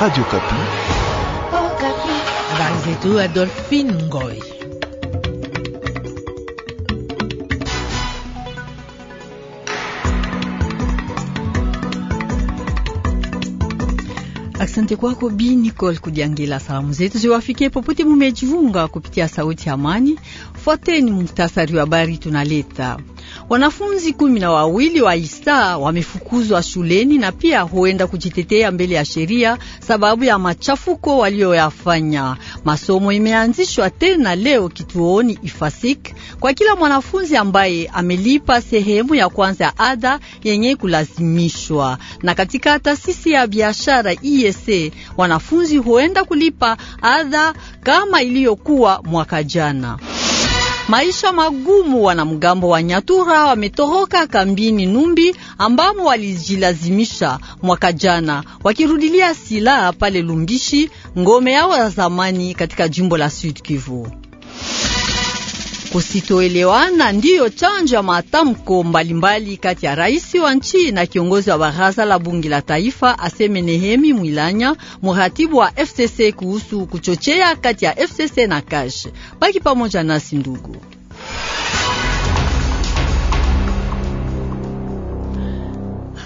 Radio Kapi. Oh, Kapi. Adolphine Ngoy. Asante kwako Bi Nicole Kudiangila. Salamu zetu ziwafikie popote mumejiunga kupitia sauti ya amani. Fuateni muhtasari wa habari tunaleta Wanafunzi kumi na wawili wa ISTA wamefukuzwa shuleni na pia huenda kujitetea mbele ya sheria sababu ya machafuko walioyafanya. Masomo imeanzishwa tena leo kituoni Ifasik kwa kila mwanafunzi ambaye amelipa sehemu ya kwanza ya ada yenye kulazimishwa. Na katika taasisi ya biashara IEC wanafunzi huenda kulipa ada kama iliyokuwa mwaka jana maisha magumu. Wanamgambo wa Nyatura wametoroka kambini Numbi ambamo walijilazimisha mwaka jana, wakirudilia silaha pale Lumbishi, ngome yao ya zamani katika jimbo la Sud Kivu. Kusitoelewana ndiyo chanjo ya matamko mbalimbali kati ya rais wa nchi na kiongozi wa baraza la bunge la taifa, aseme Nehemi Mwilanya, muratibu wa FCC kuhusu kuchochea kati ya FCC na Kash. Baki pamoja nasi ndugu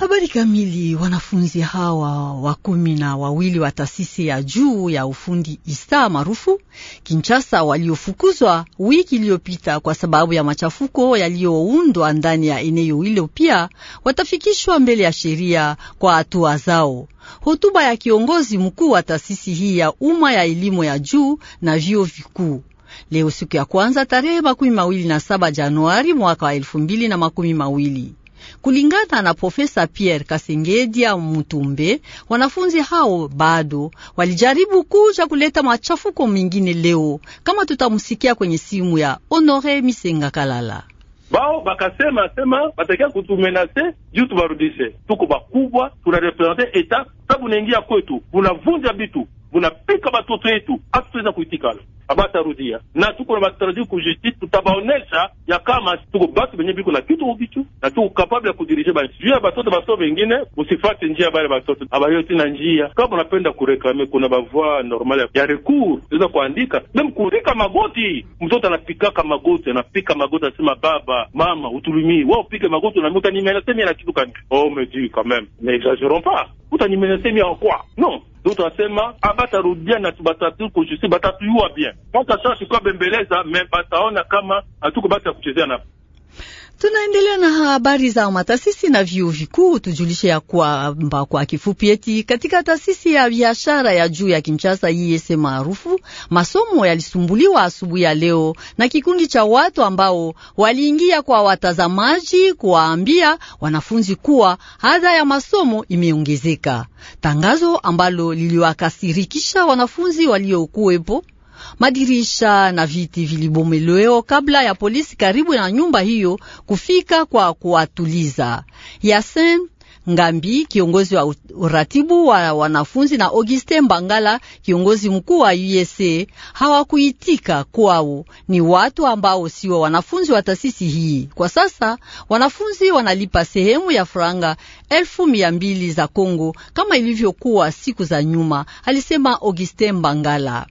Habari kamili. Wanafunzi hawa wa kumi na wawili wa taasisi ya juu ya ufundi ISTA maarufu Kinshasa, waliofukuzwa wiki iliyopita kwa sababu ya machafuko yaliyoundwa ndani ya eneo hilo, pia watafikishwa mbele ya sheria kwa hatua zao. Hotuba ya kiongozi mkuu wa taasisi hii ya umma ya elimu ya juu na vyuo vikuu leo siku ya kwanza tarehe makumi mawili na saba Januari mwaka wa elfu mbili na makumi mawili Kulingana na Profesa Pierre Kasengedia Mutumbe, wanafunzi hao bado walijaribu kuja kuleta machafuko mengine leo, kama tutamsikia kwenye simu ya Honore Misenga Kalala bao bakasema sema batakia kutumenase juu tubarudishe, tuko bakubwa, tunarepresente eta sabu naingia kwetu, bunavunja bitu munapika batoto yetu, hatutaweza kuitikala abatarudia na tuko na matarajio ku justice, tutabaonesha ya kama tuko batu benye biko na kitu kukichu na tuko kapable ya kudirije basi juu ya batoto baso bengine, musifate njia bale batoto abayo tena njia. Kama unapenda kureklame, kuna bavoi normal ya recours tunaweza kuandika mem kurika magoti, mtoto anapikaka magoti, anapika magoti, anasema baba mama utulumii, wao pige magoti na mimi kanimela na kitu kani oh me quand même pas utanyimenya sehemu ya wakwa no ndio tunasema abatarudia ah, na batatukujusi batatuiwa bien mwaka sasa, tukiwa bembeleza me bataona kama hatuko basi ya kuchezea na Tunaendelea na habari za matasisi na vyuo vikuu. Tujulishe ya kwamba kwa kifupi, eti katika taasisi ya biashara ya juu ya Kinshasa iyese maarufu, masomo yalisumbuliwa asubuhi ya leo na kikundi cha watu ambao waliingia kwa watazamaji kuwaambia wanafunzi kuwa adha ya masomo imeongezeka, tangazo ambalo liliwakasirikisha wanafunzi waliokuwepo madirisha na viti vilibomelewa kabla ya polisi karibu na nyumba hiyo kufika kwa kuwatuliza. Yasen Ngambi, kiongozi wa uratibu wa wanafunzi na Auguste Mbangala, kiongozi mkuu wa USA, hawakuitika. Kwao ni watu ambao sio wanafunzi wa taasisi hii. Kwa sasa wanafunzi wanalipa sehemu ya franga elfu mia mbili za Kongo kama ilivyokuwa siku za nyuma, alisema Auguste Mbangala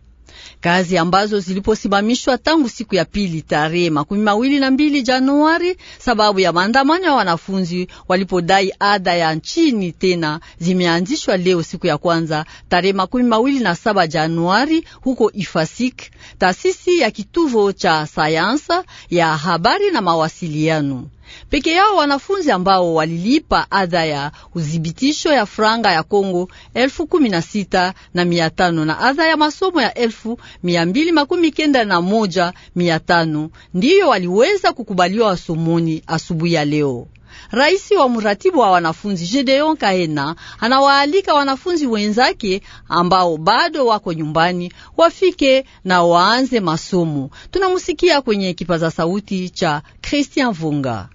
kazi ambazo ziliposimamishwa tangu siku ya pili tarehe makumi mawili na mbili Januari sababu ya maandamano ya wanafunzi walipodai ada ya nchini tena zimeanzishwa leo siku ya kwanza tarehe makumi mawili na saba Januari huko Ifasik, taasisi ya kituvo cha sayansa ya habari na mawasiliano peke yao wanafunzi ambao walilipa adha ya udhibitisho ya franga ya Kongo elfu kumi na sita na mia tano na adha ya masomo ya elfu mia mbili makumi kenda na moja mia tano ndiyo waliweza kukubaliwa wasomoni asubuhi ya leo. Raisi wa muratibu wa wanafunzi Gedeon Kahena anawaalika wanafunzi wenzake ambao bado wako nyumbani wafike na waanze masomo. Tunamusikia kwenye kipaza sauti cha Christian Vunga.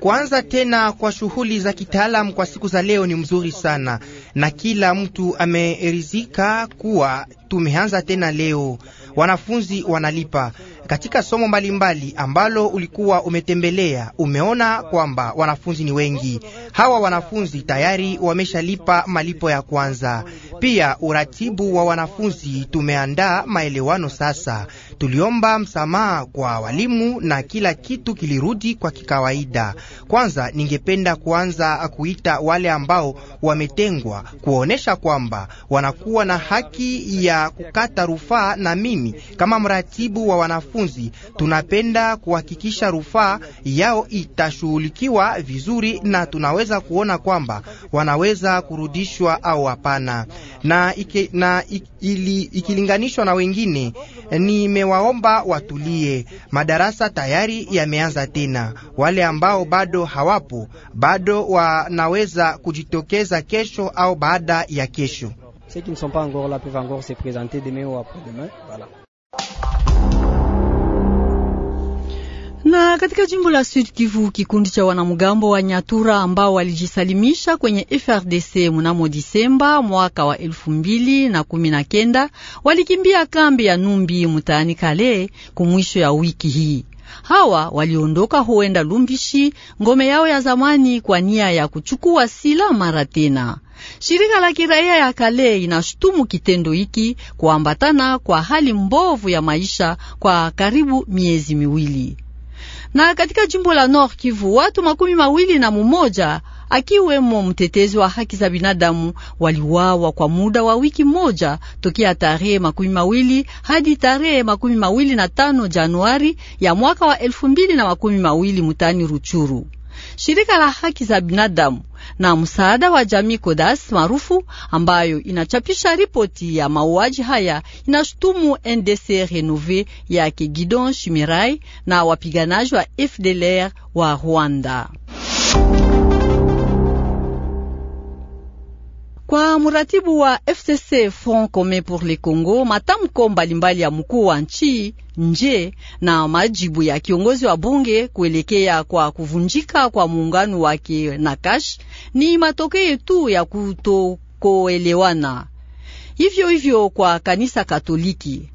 Kuanza tena kwa shughuli za kitaalamu kwa siku za leo ni mzuri sana, na kila mtu ameridhika kuwa tumeanza tena leo. Wanafunzi wanalipa katika somo mbalimbali ambalo ulikuwa umetembelea. Umeona kwamba wanafunzi ni wengi. Hawa wanafunzi tayari wameshalipa malipo ya kwanza. Pia uratibu wa wanafunzi, tumeandaa maelewano sasa tuliomba msamaha kwa walimu na kila kitu kilirudi kwa kikawaida. Kwanza ningependa kuanza kuita wale ambao wametengwa, kuonesha kwamba wanakuwa na haki ya kukata rufaa, na mimi kama mratibu wa wanafunzi tunapenda kuhakikisha rufaa yao itashughulikiwa vizuri, na tunaweza kuona kwamba wanaweza kurudishwa au hapana, na, ike, na ik, ili, ikilinganishwa na wengine Nimewaomba watulie. Madarasa tayari yameanza tena. Wale ambao bado hawapo bado wanaweza kujitokeza kesho au baada ya kesho. Na katika jimbo la Sud Kivu, kikundi cha wanamgambo wa Nyatura ambao walijisalimisha kwenye FRDC mnamo Disemba mwaka wa elfu mbili na kumi na kenda walikimbia kambi ya Numbi mtaani Kale kumwisho ya wiki hii. Hawa waliondoka huenda Lumbishi, ngome yao ya zamani, kwa nia ya kuchukua sila mara tena. Shirika la kiraia ya Kale inashutumu kitendo hiki kuambatana kwa hali mbovu ya maisha kwa karibu miezi miwili na katika jimbo la Nord Kivu watu makumi mawili na mumoja akiwemo mtetezi wa haki za binadamu waliwawa kwa muda wa wiki moja tokea tarehe makumi mawili hadi tarehe makumi mawili na tano Januari ya mwaka wa elfu mbili na makumi mawili mutani Ruchuru shirika la haki za binadamu na msaada wa jamii Kodas maarufu ambayo inachapisha ripoti ya mauaji haya inashutumu NDC Renove yake Gidon Shimirai na wapiganaji wa FDLR wa Rwanda. Kwa muratibu wa FCC Front Commun pour le Congo, matamko mbalimbali ya mkuu wa nchi nje na majibu ya kiongozi wa bunge kuelekea kwa kuvunjika kwa muungano wake na Kash ni matokeo tu ya kutokoelewana. Hivyo hivyo kwa kanisa Katoliki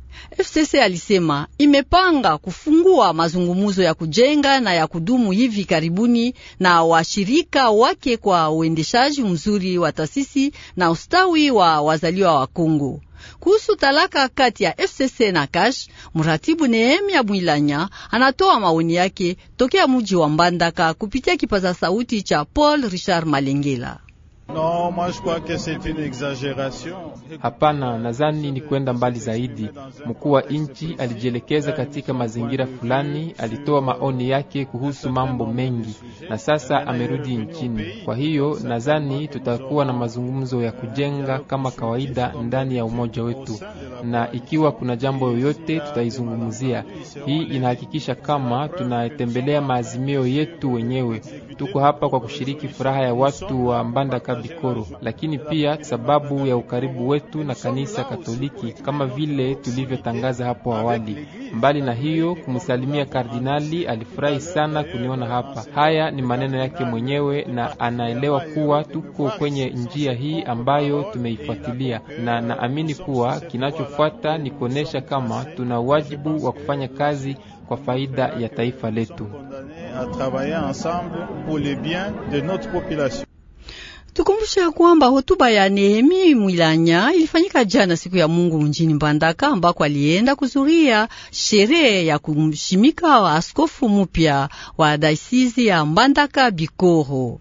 FCC alisema imepanga kufungua mazungumzo ya kujenga na ya kudumu hivi karibuni na washirika wake kwa uendeshaji mzuri wa taasisi na ustawi wa wazaliwa wa Kongo. Kuhusu talaka kati ya FCC na Kash, mratibu Nehemia Mwilanya anatoa maoni yake tokea muji wa Mbandaka kupitia kipaza sauti cha Paul Richard Malengela hapana, nazani ni kwenda mbali zaidi. Mkuu wa nchi alijielekeza katika mazingira fulani, alitoa maoni yake kuhusu mambo mengi, na sasa amerudi nchini. Kwa hiyo nazani tutakuwa na mazungumzo ya kujenga kama kawaida ndani ya umoja wetu, na ikiwa kuna jambo yoyote tutaizungumzia. Hii inahakikisha kama tunatembelea maazimio yetu wenyewe. Tuko hapa kwa kushiriki furaha ya watu wa Mbandaka kutoka Bikoro, lakini pia sababu ya ukaribu wetu na kanisa Katoliki kama vile tulivyotangaza hapo awali. Mbali na hiyo, kumsalimia kardinali, alifurahi sana kuniona hapa. Haya ni maneno yake mwenyewe, na anaelewa kuwa tuko kwenye njia hii ambayo tumeifuatilia, na naamini kuwa kinachofuata ni kuonesha kama tuna wajibu wa kufanya kazi kwa faida ya taifa letu. Tukumbushe ya kwamba hotuba ya Nehemi Mwilanya ilifanyika jana siku ya Mungu mjini Mbandaka, ambako alienda kuzuria sherehe ya kumshimika wa askofu mupya wa daisizi ya Mbandaka Bikoro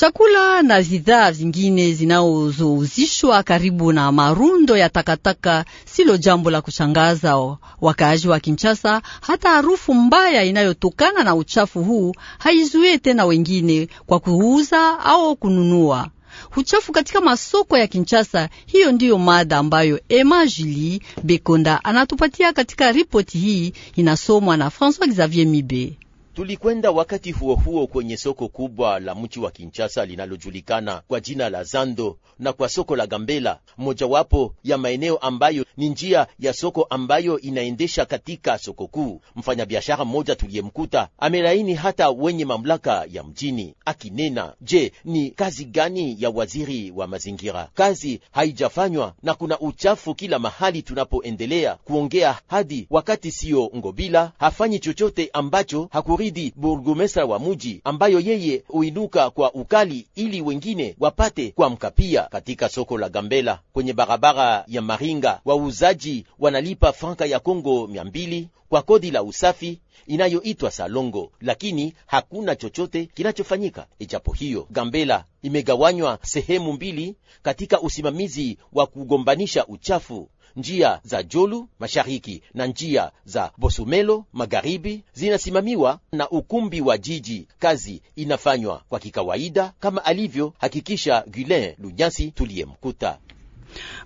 chakula na bidhaa zingine zinazouzishwa karibu na marundo ya takataka silo jambo la kushangaza wakaaji wa Kinshasa. Hata harufu mbaya inayotokana na uchafu huu haizuie tena wengine kwa kuuza au kununua uchafu katika masoko ya Kinshasa. Hiyo ndiyo mada ambayo Emma juli Bekonda anatupatia katika ripoti hii, inasomwa na François Xavier Mibe. Tulikwenda wakati huo huo kwenye soko kubwa la mji wa Kinshasa linalojulikana kwa jina la Zando na kwa soko la Gambela, mojawapo ya maeneo ambayo ni njia ya soko ambayo inaendesha katika soko kuu. Mfanyabiashara mmoja tuliyemkuta amelaini hata wenye mamlaka ya mjini akinena, je, ni kazi gani ya waziri wa mazingira? Kazi haijafanywa na kuna uchafu kila mahali tunapoendelea kuongea hadi wakati siyo Ngobila hafanyi chochote ambacho hakuri kumkabidhi burgomestra wa muji, ambayo yeye uinuka kwa ukali ili wengine wapate kuamka pia. Katika soko la Gambela kwenye barabara ya Maringa, wauzaji wanalipa franka ya Kongo mia mbili kwa kodi la usafi inayoitwa salongo, lakini hakuna chochote kinachofanyika. Ijapo hiyo, Gambela imegawanywa sehemu mbili katika usimamizi wa kugombanisha uchafu njia za Jolu mashariki na njia za Bosumelo magharibi zinasimamiwa na ukumbi wa jiji. Kazi inafanywa kwa kikawaida kama alivyo hakikisha Gulen Lunyasi tuliyemkuta.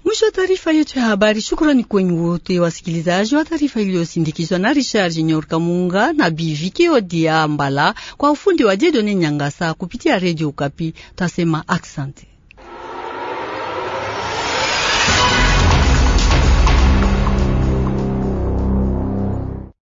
Mwisho wa taarifa yetu ya habari. Shukrani kwenyu wote wasikilizaji wa taarifa iliyosindikizwa na Richard Nyor Kamunga na Bivike Odia Mbala kwa ufundi wa Jedone Nyangasa kupitia redio ukapi Tasema aksante.